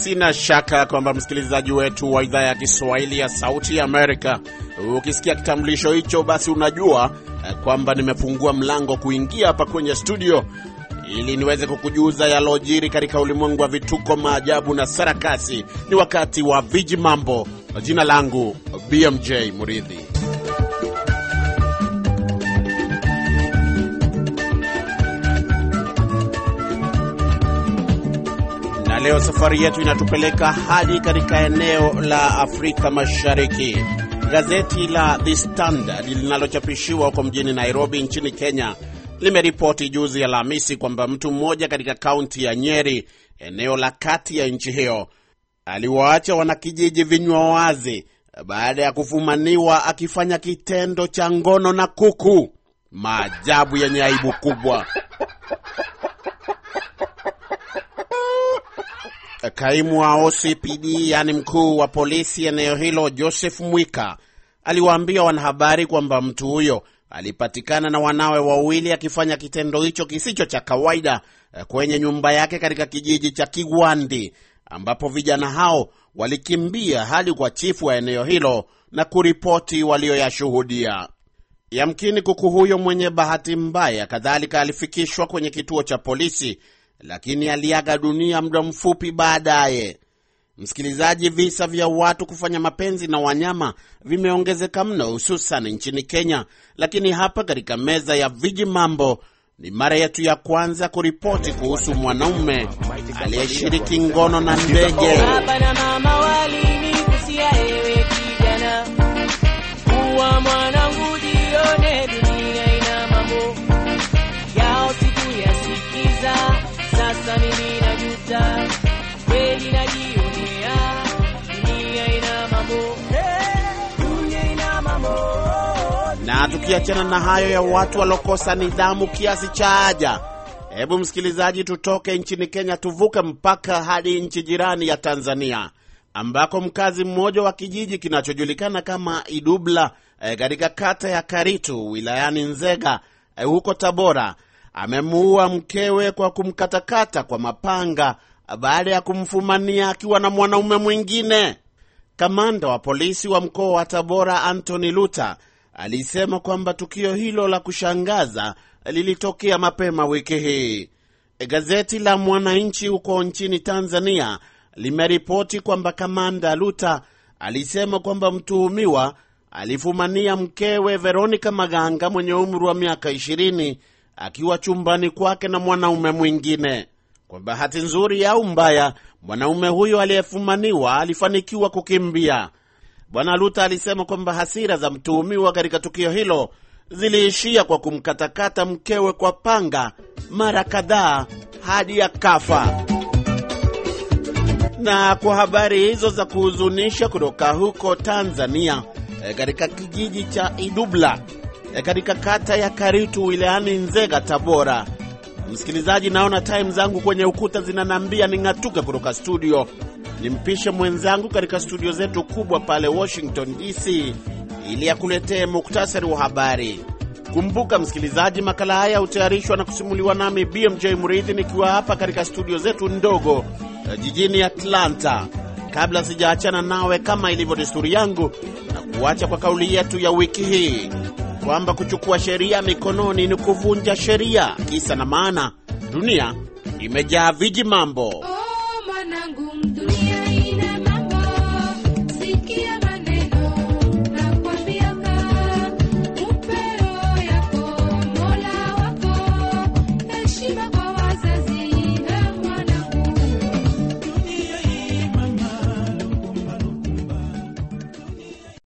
Sina shaka kwamba msikilizaji wetu wa idhaa ya Kiswahili ya Sauti ya Amerika, ukisikia kitambulisho hicho, basi unajua eh, kwamba nimefungua mlango kuingia hapa kwenye studio ili niweze kukujuza yalojiri katika ulimwengu wa vituko, maajabu na sarakasi. Ni wakati wa viji mambo. Jina langu BMJ Muridhi. leo safari yetu inatupeleka hadi katika eneo la Afrika Mashariki. Gazeti la The Standard linalochapishiwa huko mjini Nairobi nchini Kenya limeripoti juzi Alhamisi kwamba mtu mmoja katika kaunti ya Nyeri, eneo la kati ya nchi hiyo, aliwaacha wanakijiji vinywa wazi baada ya kufumaniwa akifanya kitendo cha ngono na kuku. Maajabu yenye aibu kubwa. Kaimu wa OCPD yaani mkuu wa polisi eneo hilo Joseph Mwika aliwaambia wanahabari kwamba mtu huyo alipatikana na wanawe wawili akifanya kitendo hicho kisicho cha kawaida eh, kwenye nyumba yake katika kijiji cha Kigwandi, ambapo vijana hao walikimbia hadi kwa chifu wa eneo hilo na kuripoti walioyashuhudia. Yamkini kuku huyo mwenye bahati mbaya kadhalika alifikishwa kwenye kituo cha polisi lakini aliaga dunia muda mfupi baadaye. Msikilizaji, visa vya watu kufanya mapenzi na wanyama vimeongezeka mno, hususan nchini Kenya, lakini hapa katika meza ya viji mambo ni mara yetu ya kwanza kuripoti kuhusu mwanaume aliyeshiriki ngono na ndege. Na tukiachana na hayo ya watu waliokosa nidhamu kiasi cha aja, hebu msikilizaji, tutoke nchini Kenya tuvuke mpaka hadi nchi jirani ya Tanzania ambako mkazi mmoja wa kijiji kinachojulikana kama Idubla eh, katika e, kata ya Karitu wilayani Nzega e, huko Tabora amemuua mkewe kwa kumkatakata kwa mapanga baada ya kumfumania akiwa na mwanaume mwingine. Kamanda wa polisi wa mkoa wa Tabora Anthony Luta alisema kwamba tukio hilo la kushangaza lilitokea mapema wiki hii. Gazeti la Mwananchi huko nchini Tanzania limeripoti kwamba Kamanda Luta alisema kwamba mtuhumiwa alifumania mkewe Veronica Maganga mwenye umri wa miaka 20 akiwa chumbani kwake na mwanaume mwingine. Kwa bahati nzuri au mbaya, mwanaume huyo aliyefumaniwa alifanikiwa kukimbia. Bwana Luta alisema kwamba hasira za mtuhumiwa katika tukio hilo ziliishia kwa kumkatakata mkewe kwa panga mara kadhaa hadi akafa. Na kwa habari hizo za kuhuzunisha kutoka huko Tanzania, e, katika kijiji cha Idubla e, katika kata ya Karitu wilayani Nzega, Tabora. Msikilizaji, naona time zangu kwenye ukuta zinanambia ning'atuke kutoka studio nimpishe mwenzangu katika studio zetu kubwa pale Washington DC ili akuletee muktasari wa habari. Kumbuka msikilizaji, makala haya hutayarishwa na kusimuliwa nami BMJ Murithi nikiwa hapa katika studio zetu ndogo eh, jijini Atlanta. Kabla sijaachana nawe, kama ilivyo desturi yangu, na kuacha kwa kauli yetu ya wiki hii kwamba kuchukua sheria mikononi ni kuvunja sheria. Kisa na maana, dunia imejaa viji mambo.